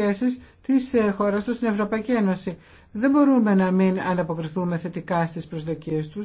σχέσει της ε, χώρας του στην Ευρωπαϊκή Ένωση. Δεν μπορούμε να μην ανταποκριθούμε θετικά στις προσδοκίες του.